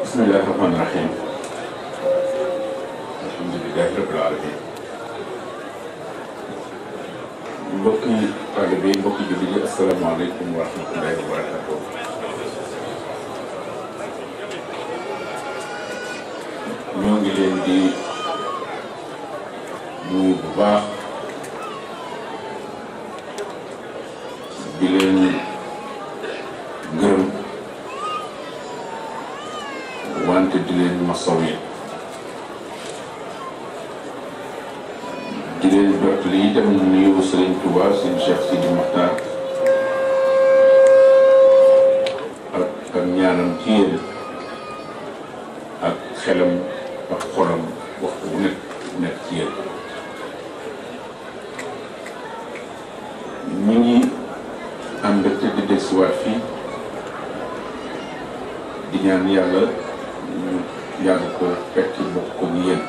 bismillahi rahmaani rahim alhamdulilahi rabbil alamin mbokki taalibe yi mbokki jullit yi asalaamaaleykum wa rahmatullahi wa barakatuh ñoo ngi leen di nuyu bu baax di leen te di leen masaw yi di leen jot lii itam nuyu Serigne Touba seen Cheikh Sidi Mokhtar ak ak ñaanam xelam ak xolam waxtu bu nekk nekk ci yéen ñu di desiwaat fii di ñaan yàlla yàgg ko fekk bokk ko ni yéen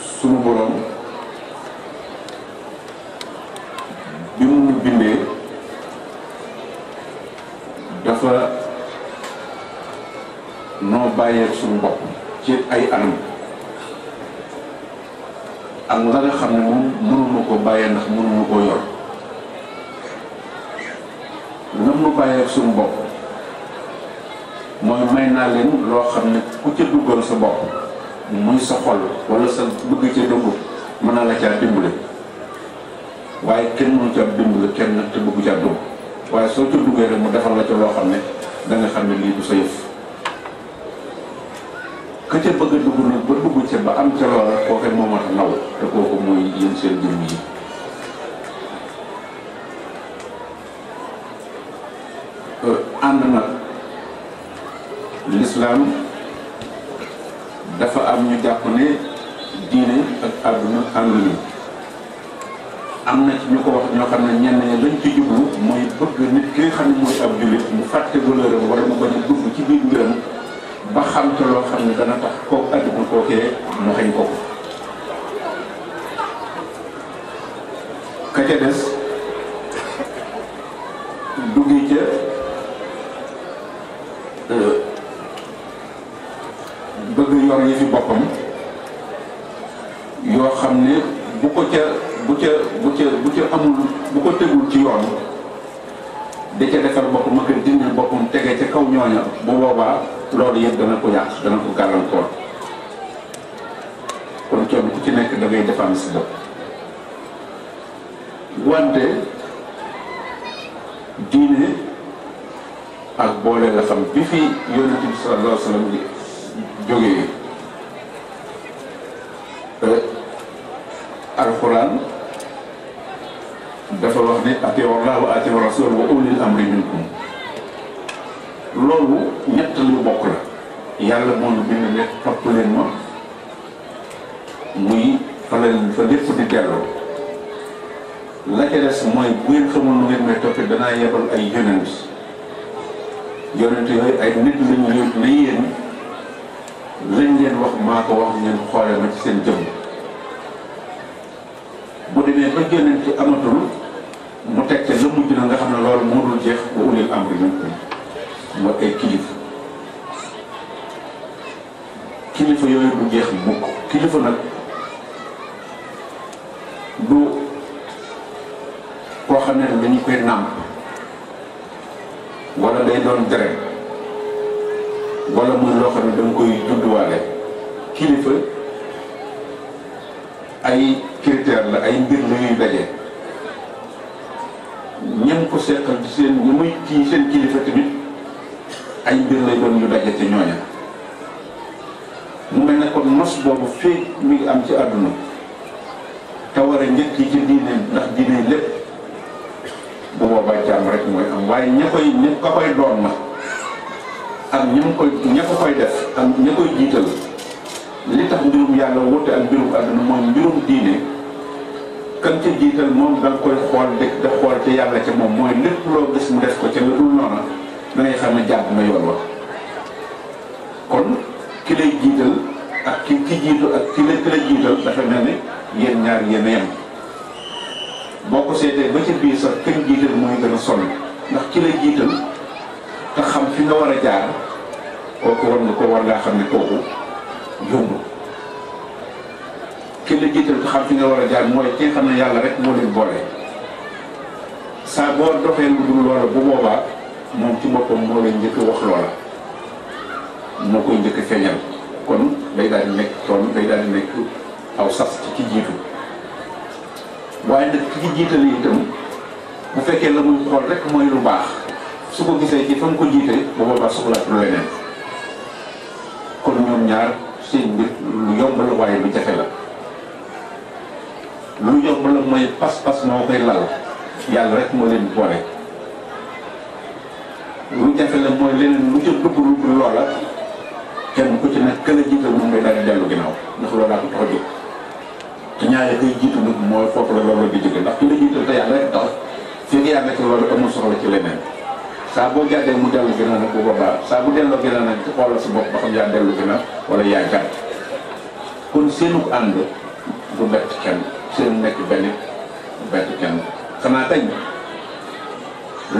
sunu boroom bi mu bindee dafa noo bàyyeek suñu bopp ci ay anam ak la nga xam ne moom mënuñu ko bàyyee ndax mënuñu ko yor lan mu bàyyeek suñu bopp may naa leen loo xam ne ku ca duggoon sa bopp muy sa xol wala sa bëgg ca dugg mën na la caa dimbale waaye kenn mënu caa dimbale kenn te bëgg caa dugg waaye soo ca duggee rek mu defal la ca loo xam ne da xam ne lii du sa yëf ka ca bëgg dugg nag ba dugg ca ba am ca loola kooke moo mat a naw te kooku mooy yéen seen jëmm yi euh, ànd nag lislaam dafa am ñu jàpp ne diine ak àdduna ànduñu am na ci ñu ko wax ñoo xam ne ñenn ñi lañ ci jublu mooy bëgg nit ki nga xam ne mooy ab jullit mu fàtte valeuram wala mu bañ a dugg ci biir mbiram ba xam te loo xam ne dana tax kooku àdduna kookee mu xëy ko ko ka des bëgg yor yi fi boppam yoo xam ne bu ko ca bu ca bu ca bu amul bu ko tegul ci yoon da ca defar boppam ak dindil boppam tege ca kaw ñooña bu boobaa loolu yëpp dana ko yàq dana ko gàllankoor kon kenn ku ci nekk da ngay si bopp wante diine ak boole la xam bi fi yonent bi sallallahu alayhi wa sallam jógee alxuraan dafa wax ne atiiwu llaaha wa atiiwu rasuul wa ulil amri minkum loolu ñett lu bokk la yàlla moo ñu bind ne topp leen ma muy fa leen fa lépp di delloo la ca mooy bu ngeen xamul ngeen may toppee danaa yebal ay yonent yonent yooyu ay nit lañu ñëw na yéen lañ leen wax maa ko wax ngeen xoolee ma ci seen jëmm bu demee ba génn ci amatul mu teg ca la mujj na nga xam ne loolu moo dul jeex ba ulil amri minkum mooy ay kilifa kilifa yooyu bu jeex mukk kilifa nag du koo xam ne dañu koy nàmp wala day doon deret wala muy loo xam ne koy judduwaale kilifa ay critère la ay mbir la ñuy daje ñem ko seqal di seen ñu muy ci seen kilifa tamit ay mbir lay doon ñu daje ci ñooña mu mel ne kon nos boobu fii mi am ci àdduna te war a ci diine ndax diine lépp bu boobaa rek mooy am waaye ña koy koy doon na am ña mu koy ña ko koy def ak koy jiital li tax mbirum yàlla wute ak mbirum àdduna moom mbirum diine kan ca jiital moom da nga koy xool dëkk da xool te yàlla ca moom mooy lépp loo gis mu def ko ca lu dul noona da xam ne jàpp na yoon wax kon ki lay jiital ak ki ki jiitu ak ki la ki la jiital dafa mel ne yéen ñaar yéen a boo ko seetee ba ca biir sax kenn jiital mooy gën a sonn ndax ki lay jiital nga war a jaar kooku war nga ko war ngaa xam ne kooku yomb ki jiital ko xam fi nga war a jaar mooy ki xam ne yàlla rek moo leen boole saa boo doxee lu dul loola bu boobaa moom ci boppam moo leen njëkk wax loola moo koy njëkk feeñal kon day daal di nekk toon day daal di nekk aw sas ci ki jiitu waaye nag ki jiital itam bu fekkee la muy xool rek mooy lu baax su ko gisee ci fa nga ko jiite bu boobaa soxlaatul leneen kon ñoom ñaar seen mbir lu waaye lu jafe la lu yomb la mooy pas-pas moo koy lal yàlla rek moo leen boole lu jafe la mooy leneen lu ca dugg lu loola kenn ku ci nag këla jiite moom ngay daal dellu ginnaaw ndax loolaa ko tax a jóg te koy jiitu nag mooy foofu la loolu di jóge ndax ki la jiital te yàlla rek tax fekk yàlla rek loolu amul soxla ci leneen saa boo jàddee mu dellu ginnaaw nag bu boobaa saa bu delloo ginnaaw nag ci xoolal sa bopp ba xam yaa dellu ginnaaw wala yaa gàtt kon seenu ànd du bett kenn seen nekk benn bett kenn xanaa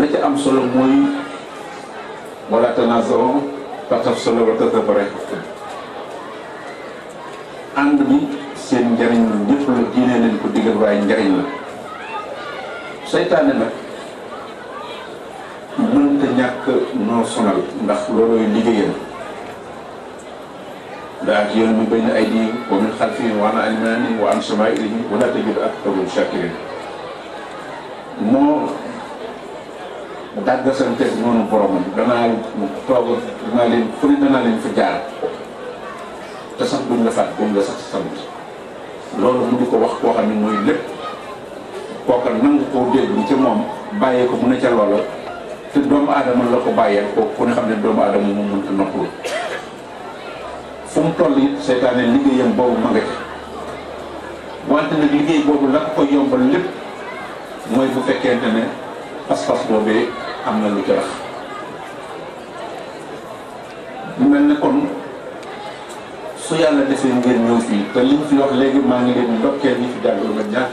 la ca am solo mooy wala tanaza'u fatafshalu wa tadhhaba riihukum ànd bi seen njariñ ñëpp la diine leen ko digal waaye njariñ la seytaane nag ñàkk noo sonal ndax loolooy liggéeyam daa yoon mi bañ ay di wa min xalfihim wa an aymaanihim wa an samaa'ilihim wa laa tajidu aktharahum shaakiriin moo dàggasanteeg noonu boromam danaa toog danaa leen fu jaar te sax duñ la faat duñ la sax sant loolu mu di ko wax koo xam ne mooy lépp kooka nangu koo dégg ca moom bàyyee ko mun ne ca loola te doomu aadama la ko bàyyee ko ku ne xam ne doomu aadama moom mënta noppalu fu mu toll it seytaane liggéeyam boobu ma wante nag liggéey boobu la ko yombal lépp mooy bu fekkente ne pas-pas boobee am na lu ci rax mu mel ne su yàlla defee ngeen ñëw fii te li ñu fi wax léegi maa ngi leen ndokkee ñi fi jàngal nga ñaar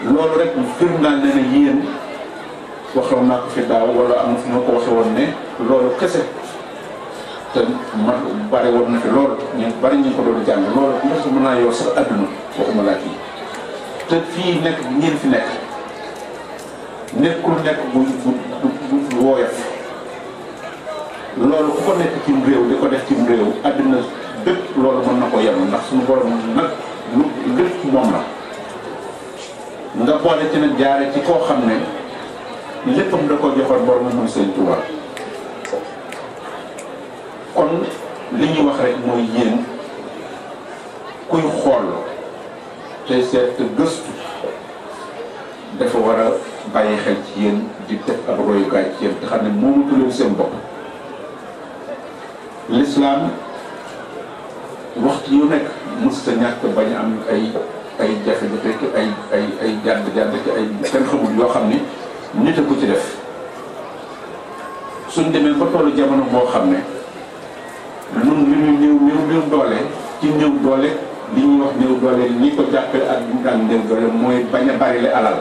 ci loolu rek firndaal na ne yéen waxoon naa ko fi daaw wala am na ma ko waxe woon ne loolu kese te ma bari woon na fi loolu bari ñu ko doon jàng loolu ndax mën naa yor sax adduna waxuma laa kii te fii nekk ngeen fi nekk nekkul nekk bu bu bu wooyof loolu ku ko nekk cim réew di ko def cim réew adduna dëkk loolu mën na ko yem ndax suñu borom nag lu lépp moom la nga boole ci nag jaare ci koo xam ne léppam da ko joxoon borom mooy sëñ Tuubaa kon li ñuy wax rek mooy yéen kuy xool te seet gëstu dafa war a bàyyi xel ci yéen di def ab royukaay ci yéen te xam ne moomu leen seen bopp lislaam waxtu yu nekk mës ta ñàkk bañ am ay ay jafe-jafe ay ay ay jàdd jàdd ci ay kenn xamul yoo xam ni nit ko ci def suñ demee ba tollu jamono boo xam ne nun li ñu ñëw néew néew doole ci néew doole li ñuy wax néew doole ñi ko jàppale ak ñu daan néew doole mooy bañ a bari la alal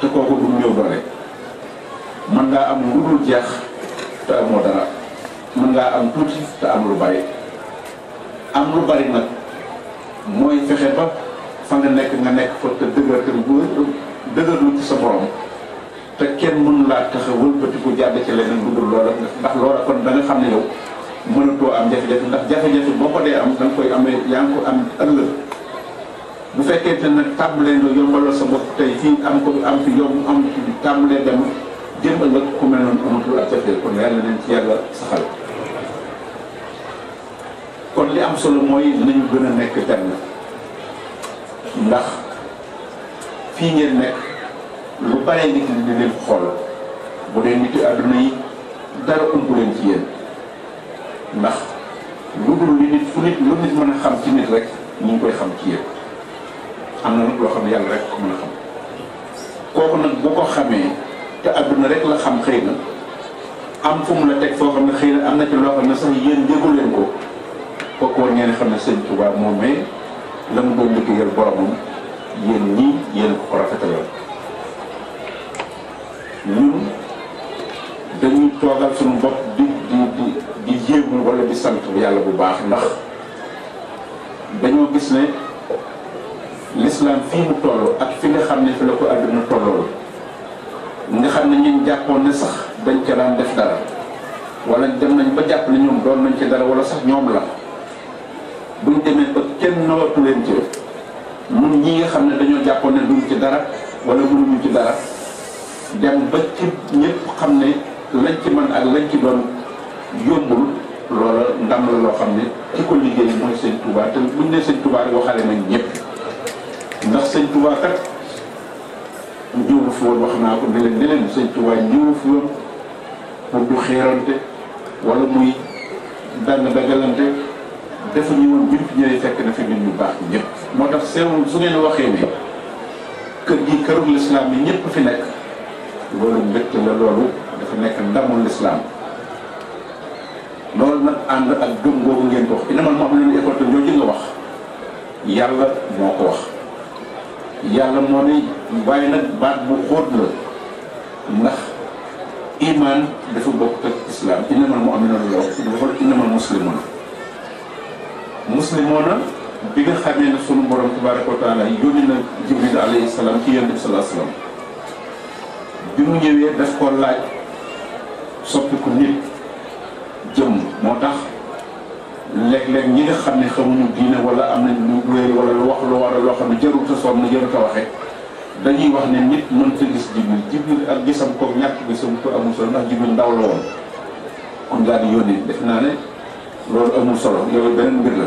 te kooku du ñëw doole mën ngaa am lu jeex te amoo dara mën ngaa am tuuti te am lu bari am lu bari nag mooy fexe ba fa nga nekk nga nekk fa te dëgër te bu dëgërlu ci sa borom te kenn mënu laa tax a wëlbatiku jàdd ci leneen lu loola ndax loola kon da xam ne yow mënatoo am jafe-jafe ndax jafe-jafe boo ko dee am da koy amee yaa ngi ko am ëllëg bu fekkee te nag tàmbalee nga yombaloo sa bopp tey fii am ko am fi yomb am fi tàmbalee dem jëm ëllëg ku mel noonu amatul ak jafe kon yàlla nañ li am solo mooy nañu gën a nekk benn ndax fii ngeen nekk. lu bare nit ñi di leen xool bu dee nit yi àdduna yi dara ump leen ci yéen ndax lu dul li nit fu nit lu nit mën a xam ci nit rek ñu ngi koy xam ci yéen am na nag loo xam ne yàlla rek ko mën a xam kooku nag bu ko xamee te àdduna rek la xam xëy na am fu mu la teg foo xam ne xëy na am na ci loo xam ne sax yéen déggu leen ko kooku war ngeen xam ne sëñ Tuubaa moom mais la mu doon liggéeyal boromam yéen ñii yéen ko ko rafetal nag bopp di di di di yéegul wala di sant yàlla bu baax ndax dañoo gis ne l'islam fii mu toll ak fi nga xam ne fi la ko àdduna tollool nga xam ne ñun jàppoon ne sax dañ ca daan def dara wala dem nañ ba jàpp ne ñoom doon nañ ci dara wala sax ñoom la buñ demee ba kenn nawatu leen ci mun ñi nga xam ne dañoo jàppoon ne duñ ci dara wala mënuñu ci dara dem ba ci ñëpp xam ne lañ ci man ak lañ ci doon yombul loola ndam la loo xam ne ki ko liggéey mooy sëñ Touba te buñ ne sëñ Touba rek waxale nañ ñëpp ndax sëñ Touba kat njiwu fi woon wax naa ko ne leen ne leen sëñ Touba njiwu fi woon pour xeerante wala muy dànn dagalante dafa ñu woon biñ ñëwee fekk na fi nit ñu baax ñëpp. moo tax seen su ngeen waxee ni kër gi kërum lislaam yi ñëpp fi nekk loolu mbégte la loolu. dafa nekk ndamul lislaam loolu nag ànd ak gëm googu ngeen ko wax inamal moo xam ne lu école ñoo nga wax yàlla moo ko wax yàlla moo ne waaye nag baat bu xóot la ndax iman dafa bokk ak islam inamal moo am ne noonu la wax dafa inamal muslimoon muslimoona bi nga xamee ne sunu borom tabaraka wa taala yónni na jibril alayhi salaam ci yonent bi salaam bi mu ñëwee daf ko laaj soppiku nit jëm moo tax léeg-léeg ñi nga xam ne xamuñu diine wala am na nañ lu réer wala wax lu war a loo xam ne jarul ta soom na jarul ta waxee dañuy wax ne nit mënta gis jibril jibril ak gisam ko ñàkk gisam ko amul solo ndax jibril ndaw la woon kon daal di naa ne amul solo yooyu beneen mbir la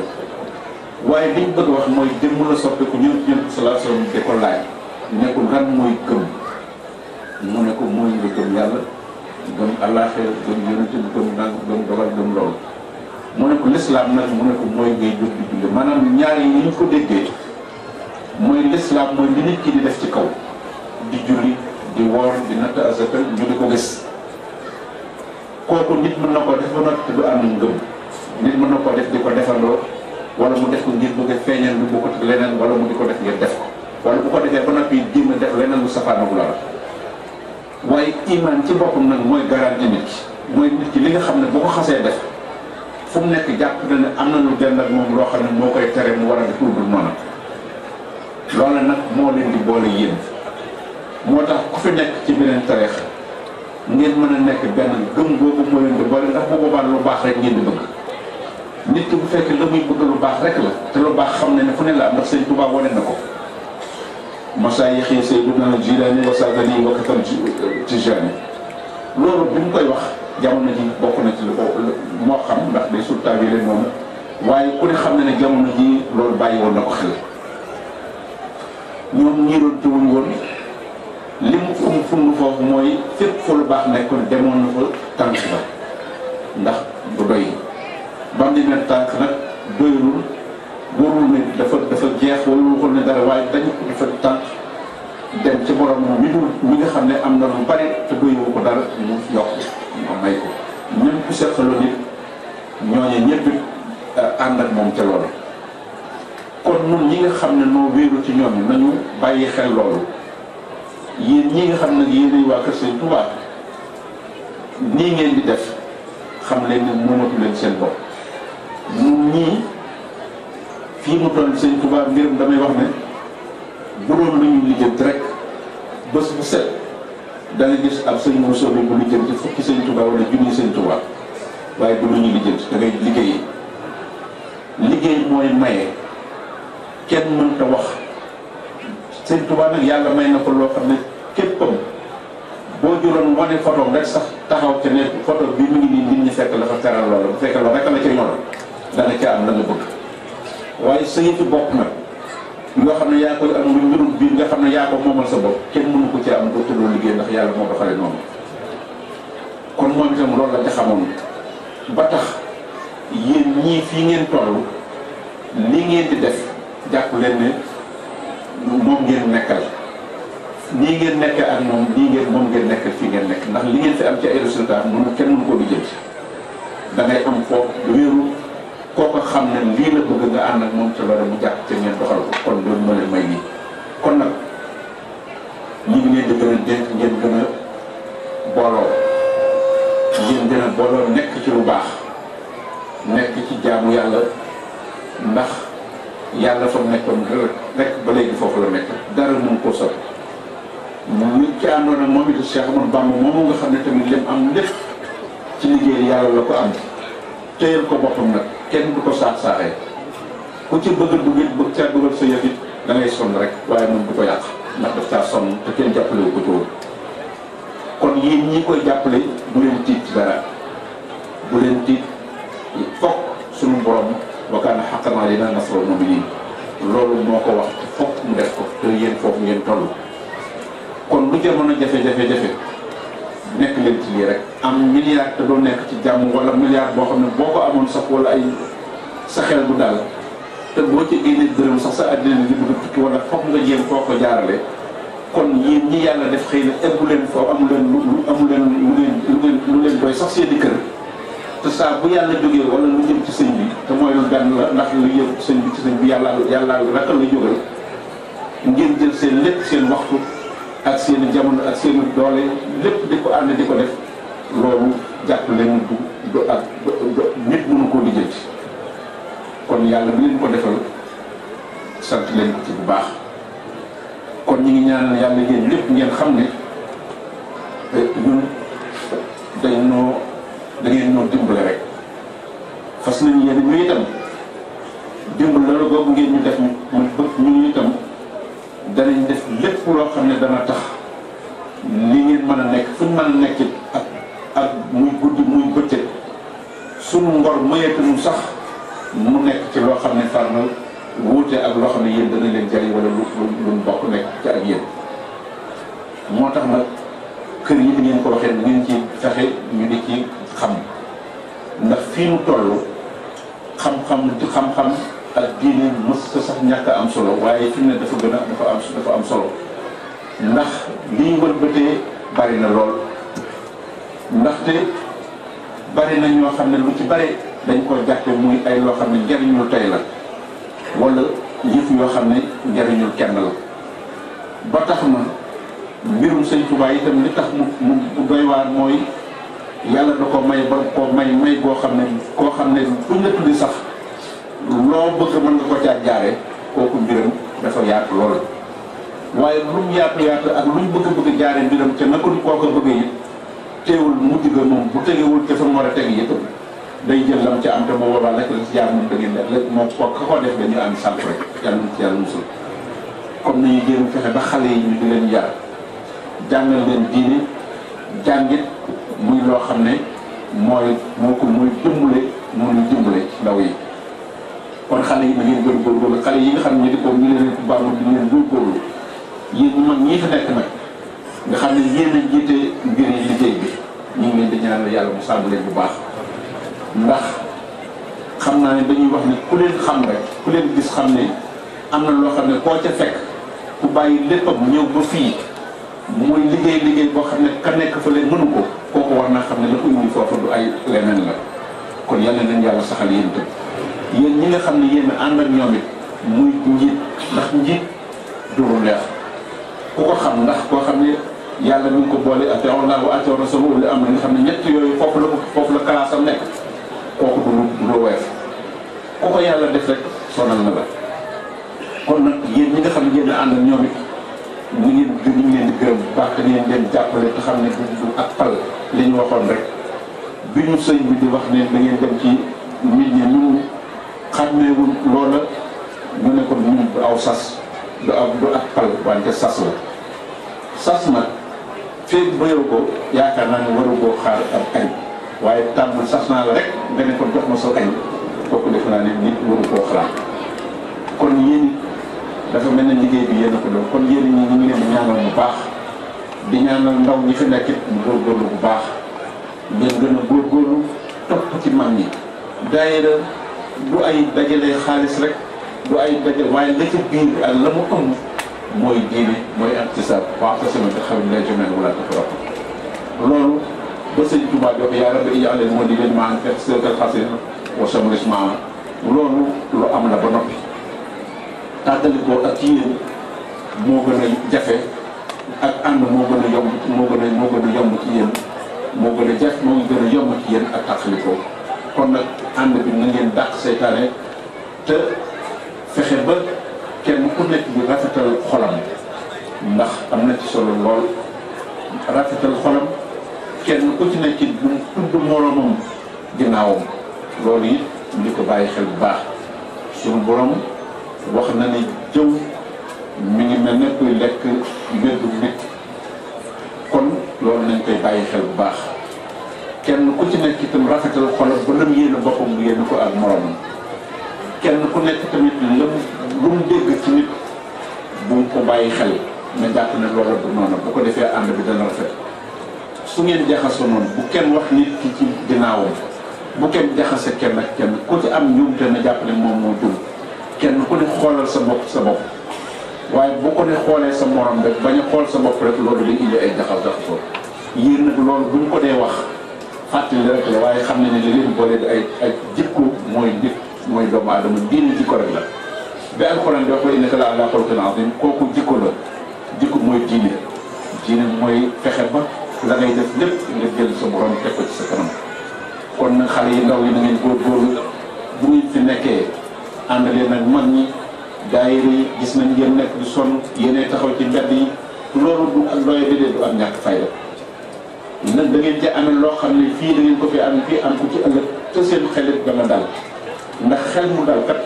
waaye liñ bëgg wax mooy jëmm soppeeku ñun ñun sallallahu alayhi wasallam de ko laaj nekkul ran mooy gëm mu ne ko mooy nga gëm yàlla gëm àllaaxira gëm yonent bi gëm nang gëm dogal gëm loolu mu ne ko lislaam nag mu ne ko mooy ngay jóg di julli maanaam ñaar yi ñu ko déggee mooy lislaam mooy li nit ki di def ci kaw di julli di woor di natt asaka ñu ko gis kooku nit mën na ko def ba noppi du am ngëm nit mën na ko def di ko defandoo wala mu def ko ngir bëgg a feeñal lu bokkut leneen wala mu di ko def ngir def ko wala bu ko defee ba noppi jéem a def leneen lu safaanagula la waaye iman ci boppam nag mooy garanti nit ki mooy nit ki li nga xam ne boo ko xasee def fu mu nekk jàpp na ne am na lu dend ak moom loo xam ne moo koy tere mu war a def lu dul noonu loola nag moo leen di boole yéen moo tax ku fi nekk ci beneen tareex ngeen mën a nekk benn gëm boobu moo leen di boole ndax bu boobaa lu baax rek ngeen di bëgg nit ki bu fekkee la muy bëgg lu baax rek la te lu baax xam ne ne fu ne la am ndax Sëñ Tuubaa wane na ko masaayixi Seydina Jilaani wa Saadani wa ci Tijaani loolu bi mu koy wax jamono ji bokk na ci lu ko moo xam ndax day sultaan yi leen noonu waaye ku ne xam na ne jamono ji loolu bàyyi woon na ko xel ñoom ñiiroon te wuñ woon li mu fum fund foofu mooy fépp fa lu baax nekkoon demoon na fa tànk ba ndax bu doy bam di mel tànk nag doyul moroomam mi dul mi nga xam ne am na lu bari te doyewu ko dara mu yokk moom may ko ñun ku seqaloon nit ñooñu ñëpp euh, ànd ak moom ca loolu kon nun ñi nga xam ne noo wéeru ci ñoom nañu bàyyi xel loolu yéen nga xam ne yéenay waa Kër Sëñ Tuubaa nii ngeen di xam leen ne mënatu leen seen bopp nun ñii fii mu toll Sëñ Tuubaa mbiram damay wax ne bu doon lu ñu rek bés bu set da nga gis ab sëñ Moussa bi bu lu jëm ci fukki sëñ Touba wala junni sëñ Touba waaye du lu ñu li jëm da ngay liggéey liggéey mooy maye kenn mënta wax sëñ Touba nag yàlla may na ko loo xam ne képpam boo juróon wane photo rek sax taxaw ca ne photo bi mu ngi nii nit ñi fekk la fa teral loola bu fekkee loolu rek la ca ñoroon dana ca am la nga bëgg waaye sa yëfi bopp nag yoo xam ne yaa koy am lu mbirum biir nga xam ne cee am ko tuddoo liggéey ndax yàlla moo doxale noonu kon moom itam loolu la ca xamoon ba tax yéen ñii fii ngeen toll li ngeen di def jàpp leen ne moom ngeen nekkal nii ngeen nekk ak moom nii ngeen moom ngeen nekkal fii ngeen nekk ndax li ngeen fi am ci ay résultat moom kenn mënu ko lijjanti da ngay am foofu wéeru koo ko xam ne lii la bëgg nga ànd ak moom ci loolu mu jàpp ci ngeen doxal ko yàlla fa mu nekkoon rek ba léegi foofu la nekk dara mun koo sori moom ñu ci àndoon ak moom it Cheikh Amadou Bamba moomu nga xam ne tamit lim am lépp ci liggéey yàlla la ko am téyel ko boppam nag kenn du ko saax saaxee ku ci bëgg dugg it bëgg caa dugal sa yëf it da ngay sonn rek waaye moom du ko yàq ndax daf caa sonn te kenn jàppale wu ko ci woon kon yéen ñi koy jàppale bu leen tiit ci dara bu leen tiit fokk sunu borom wa kaana haqqan alaynaa nasrul mu'miniin loolu moo ko wax fokk mu def ko te yéen foofu ngeen toll kon lu jamono jafe-jafe jafe nekk leen ci lii rek am milliard te doo nekk ci jàmm wala milliard boo xam ne boo ko amoon sax wala ay sa xel bu daal te boo ci génne dërëm sax sa àddina li bëgg tukki wala fokk nga jéem foo ko jaarale kon yéen ñi yàlla def xëy na eggu leen foofu amu leen lu amu leen lu leen lu leen doy sax seen kër te saa bu yàlla jógee wala lu jëm ci sëñ bi te mooy lu benn la ndax lu yëg ci sëñ bi yàlla yàlla rek la jógal ngir jël seen lépp seen waxtu ak seen jamono ak seen doole lépp di ko ànd di ko def loolu jàpp leen du du nit mënu koo lijjanti kon yàlla bi leen ko defal sant leen ko ci bu baax kon ñu ngi ñaanal yàlla lépp ngeen xam ne eh, ñun noo da ngeen noo fas nañu yéen ñu itam démb loolu boobu ngeen ñu def mu ñu itam danañ def lépp loo xam ne dana tax li ngeen mën a nekk fu ñu a nekk ak muy guddi muy bëccëg sunu ngor mayeetuñu sax mu nekk ci loo xam ne far na wuute ak loo xam ne yéen dana leen jariñ wala lu lu lu bokk nekk ci ak yéen moo tax nag kër yi di ngeen ko waxee di ngeen ci fexe ñu di ci xam ndax fii mu toll xam-xam xam-xam ak diine mos ko sax ñàkk am solo waaye fi mu ne dafa gën a dafa am solo ndax li ñu wëlbatee bari na lool ndaxte bari na ñoo xam ne lu ci bare dañ ko jàppe muy ay loo xam ne njariñul tey la wala yëf yoo xam ne njariñul kenn la ba tax na mbirum sëñ Tuubaa itam li tax mu mu doy waar mooy yàlla da ko may ba ko may may boo xam ne koo xam ne du nga tuddi sax loo bëgg mën nga ko caa jaare kooku mbiram dafa yaatu lool waaye lu mu yaatu yaatu ak lu ñu bëgg bëgg jaare mbiram te na ko kooka bëgg yi teewul mujj ga moom tegewul te fa mu war a teg yëpp day jël lam ca am te boobu daal rek la ko def dañu am sant rek yàlla ci yàlla musul comme nañu jéem fexe ba xale yi ñu di leen yar jàngal leen diine jàngit muy loo xam ne mooy moo ko muy dimbale mënuñ dimbale ci ndaw yi kon xale yi da ngeen gën góorgóorlu yi nga xam ne di ko ñu leen baamu di leen góorgóorlu nga xam ne yéen a jiite ngir liggéey bi ñu ngi leen di ñaanal yàlla mu sàmm leen bu baax ndax xam naa ne dañuy wax ne ku leen xam rek ku leen gis xam ne am na loo xam ne koo ca fekk ku bàyyi léppam ñëw ba fii mooy liggéey liggéey boo xam ne ka nekk fa leen mënu ko kooku war naa xam ne la ko indi foofu du ay leneen la kon yàlla nañ yàlla saxal yéen itam yéen ñi nga xam ne yéen ànd ak muy njiit ndax njiit du lu neex ku ko xam ndax koo xam ne yàlla mi ngi ko boole ati Allah wa ati am na xam ne ñett yooyu la foofu la classe am nekk kooku du lu du lu weef ku yàlla def rek sonal na la kon nag yéen ñi nga xam ne yéen ànd ñu ngi ñu di gërëm bu baax ngeen leen jàppale te xam ne du du ak pal li ñu waxoon rek bi ñu sëñ bi di wax ne da dem ci nit ñi ñu xàmmeewul loola ñu ne kon ñun du aw sas du ak du ak pal wante sas la sas nag feeg bayoo ko yaakaar naa ne waru koo xaar ab añ waaye tàmbul sas naa la rek nga ne kon jox ma sa añ kooku def naa ne nit waru koo xalaat kon yéen dafa mel na liggéey bi yéen a ko doon kon yéen ñi ñu ngi leen ñaanal bu baax di ñaanal ndaw ñi fi nekk it mu góorgóorlu bu baax ngeen gën a góorgóorlu topp ci mag ñi. daayira du ay dajale xaalis rek du ay dajale waaye la ca biir ak la mu ëmb mooy diine mooy antisab waaw parce que di leen maan loolu lu am la ba noppi. tàggalikoo ak yéen moo gën a jafe ak ànd moo gën a yomb moo gën a moo gën a yomb ci yéen moo gën a jafe moo gën a yomb ci yéen ak tàggalikoo kon nag ànd bi na ngeen dàq seytaane te fexe ba kenn ku nekk bi rafetal xolam ndax am na ci solo lool rafetal xolam kenn ku ci nekk bu tudd moroomam ginnaawam loolu it di ko bàyyi xel bu baax suñu borom. wax na ni jëw mi ngi mel ne kuy lekk mbeddu nit kon loolu nañ koy bàyyi xel bu baax kenn ku ci nekk itam rafetal xolam ba lëm yéene boppam mu yéene ko ak moroomam kenn ku nekk tamit lëm lu mu dégg ci nit bu mu ko bàyyi xel na jàpp ne loola du noonu bu ko defee ànd bi dana rafet su ngeen jaxasoo noonu bu kenn wax nit ki ci ginnaawam bu kenn jaxase kenn ak kenn ku ci am te na jàpp ne moom moo jum kenn ku ne xoolal sa bopp sa bopp waaye boo ko ne xoolee sa morom rek bañ a xool sa bopp rek loolu day indi ay jaxal jaxasoo yéen nag loolu bu ñu ko dee wax fàttali rek la waaye xam ne ne li ay ay jikko mooy mooy doomu aadama diine rek la bi alxuraan di wax ba innaka la ala xulqin azim kooku jikko la jikko mooy diine diine mooy fexe ba la ngay def lépp nga jël sa morom teg ko ci sa kanam kon nag xale yi ndaw yi na ngeen góorgóorlu bu ngeen fi nekkee ànd leen man ñi daayira yi gis nañ ngeen nekk du sonn yéenay taxaw ci mbedd yi loolu bu ak doye déedéet du ak ñàkk fayda nag da ngeen ci amee loo xam ne fii da ngeen ko fi am fii am ko ci ëllëg te seen xelit dana dal ndax xel mu dal kat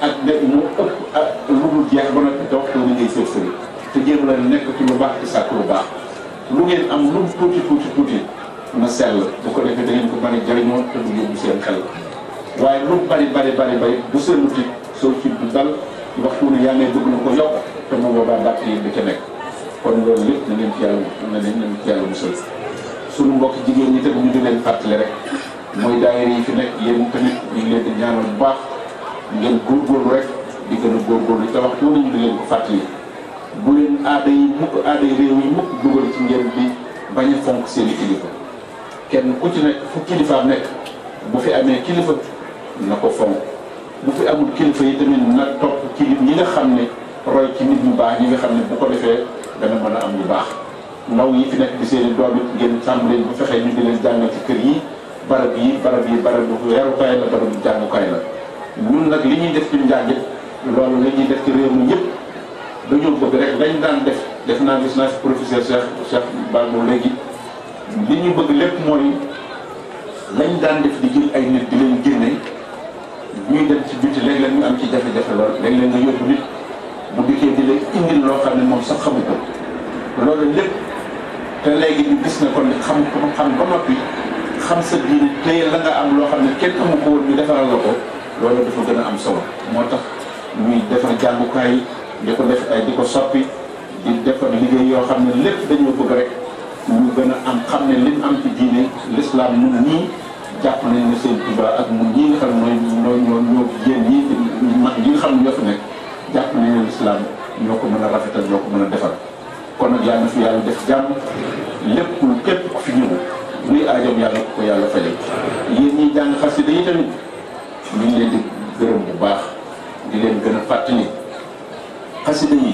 ak de mu ëpp ak lu dul jeex ba nag te waxtu ni ngay sëf sëri te jéem la nekk ci lu baax ci sàkk lu baax lu ngeen am lu tuuti tuuti tuuti na sell bu ko defee da ngeen ko mën a jëriñoo te du yóbbu seen xel waaye lu bari bari bari bari bu seetlu ci soo ci du dal waxtu ne yaa ngay bëgg na ko yokk te mu boobaa bàtt yi da ca nekk kon loolu lépp na leen ci na leen na ci yàlla musal suñu mbokk ñi tamit ñu di fàttali rek mooy daayira yi fi nekk tamit ñu ngi leen di ñaanal bu baax ngeen góorgóorlu rek di gën a góorgóorlu te waxtu nañu di leen ko fàttali bu leen aada yi mukk aada yi réew yi mukk dugal ci ngeen bi bañ fonk seen i kilifa kenn ku ci nekk fu kilifaam nekk bu fi amee kilifa na ko fonk bu fi amul kilifa yi tamit na topp ci yi nga xam ne roy ci nit ñu baax ñi nga xam ne bu ko defee dana mën a am lu baax ndaw yi fi nekk di seen i ngeen sàmm leen bu fexee ñu di leen jàngal ci kër yi barab yi barab yi barab bu yarukaay la barab bu jàngukaay la ñun nag li ñuy def ci njàngit loolu la ñuy def ci réew mi ñëpp dañoo bëgg rek lañ daan def def naa gis naa fi professeur Cheikh Cheikh Balbo léegi li ñu bëgg lépp mooy lañ daan def di jël ay di leen génne ñuy dem ci biti léeg-léeg ñu am ci jafe defe lool léeg-léeg nga yóbbu nit bu dikkee di leen indil loo xam ne moom sax xamu ko loolu lépp te léegi ñu gis na kon xam xam ba noppi xam sa diine tey la am loo xam ne kenn amu ko woon ñu defaral la ko loolu dafa gën a am solo moo tax ñuy defar jàngukaay yi di ko def ay di ko soppi di defar liggéey yoo xam ne lépp dañoo bëgg rek ñu gën a am xam ne lim am ci diine lislaam mun nii jàpp nañ ne seen Touba ak mu ñi nga xam mooy ñoo ñoo ñoo yéen ñii mag yi nga xam ne ñoo fi nekk jàpp nañ ne lislaam ñoo ko mën a rafetal ñoo ko mën a defal kon nag yàlla na fi yàlla def jàmm lépp lu képp ku fi ñëw luy aajam yàlla ko ko yàlla fajal yéen ñiy jàng xasida yi tamit ñu ngi leen di gërëm bu baax di leen gën a fàttali xasida yi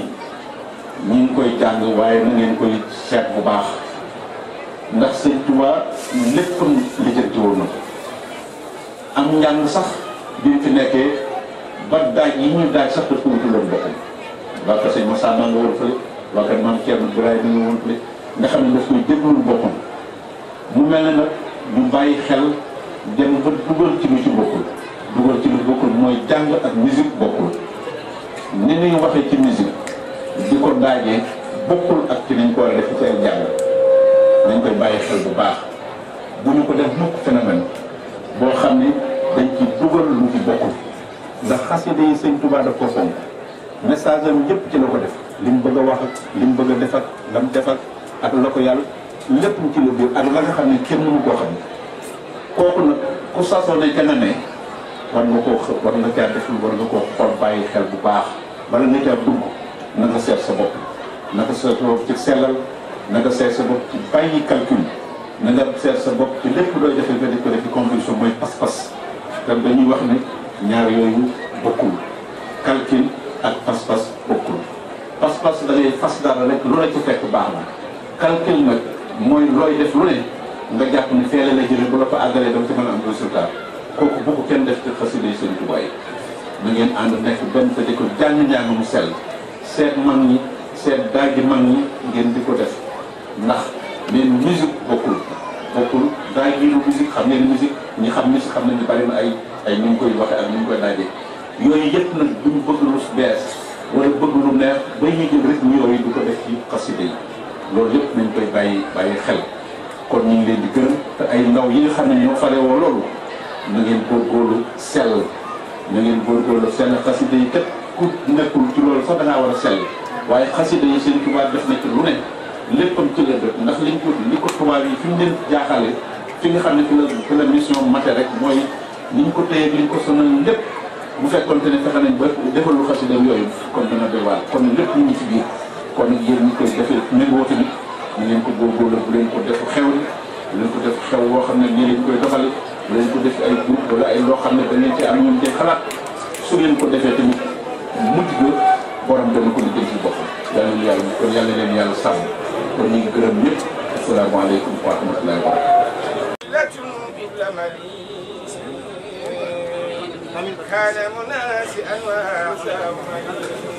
ñu ngi koy jàng waaye na ngeen koy seet bu baax ndax sëñ Touba léppam lijjanti woon am njàng sax bi fi nekkee ba daaj yi ñuy daaj sax daf ko wutuloon boppam waa kër sëñ Massa nga woon fële waa kër maam Thierno Biraye bi nga woon nga xam ne daf koy déglul boppam mu mel ne nag bàyyi xel dem ba dugal ci lu ci bokkul dugal ci lu bokkul mooy jàng ak musique bokkul ni ñuy waxee ci musique di ko daajee bokkul ak ci nañ ko war a ci ay jàng koy bàyyi bu baax bu ko def mukk phénomène ndax xasida yi sëñ Touba daf ko fonk message am yëpp ci la ko def li mu bëgg a wax ak li mu bëgg a def ak la mu def ak ak la ko yàlla lépp ci la biir ak la nga xam ne kenn mënu koo xam kooku nag ku sasoo ne ca nga ne war nga koo war nga caa def war nga koo xool bàyyi xel bu baax bala nga caa dugg na a seet sa bopp na nga seet sa bopp ci sellal na nga seet sa bopp ci bàyyi calcul na nga seet sa bopp ci lépp looy defee nga def ko def ci conviction mooy pas-pas te dañuy wax ne ñaar yooyu bokkul calcul ak pas-pas bokkul pas-pas da ngay fas dara rek lu la ci fekk baax la calcul nag mooy looy def lu ne nga jàpp ni feele la jëlee bu la ko àggalee dama ci mën am résultat kooku bu ko kenn def ci xasida yi seen tubaay na ngeen ànd nekk benn te di ko jàng njàng mu sell seet mag ñi seet daagi mag ñi ngeen di ko def ndax neen musique bokkul bokkul daañu musique xam ne ngeen musique ñi xam ne si xam nañu bari na ay ay ñu ngi koy waxee ak ñu koy daajee yooyu yëpp nag duñu bëgg lu bees wala bëgg lu neex ba ñuy jël rythme yooyu du ko def ci xasida yi loolu yëpp nañ koy bàyyi bàyyi xel kon ñu ngi leen di gërëm te ay ndaw yi xam ne ñoo fare woo loolu na ngeen góorgóorlu sell na ngeen góorgóorlu sell xasida yi kat ku nekkul ci loolu sax dangaa war a sell waaye xasida yi seen tubaab def na ci lu ne tubaab yi fi mu leen jaaxale fi nga xam ne fi la fi la mission mate ko téye ko sonal lépp bu fekkonte ne fexe nañ ba defal lu xasidam yooyu kon dana kon lépp ñu ngi ci biir kon nag yéen ñi koy defee méngoo tamit ñu leen ko góorgóorlu bu leen ko def xew bu leen ko def xew boo xam ne nii lañ koy doxale bu leen ko def ay groupe wala ay loo xam ne da ngeen ci ñu ñoom tey xalaat su ngeen ko defee tamit mujj ba borom dana ko liggéey ci si yàlla yàlla kon yàlla leen yàlla sàmm kon ñu ngi gërëm السلام عليكم ورحمة الله وبركاته كان مناسئا وأعصى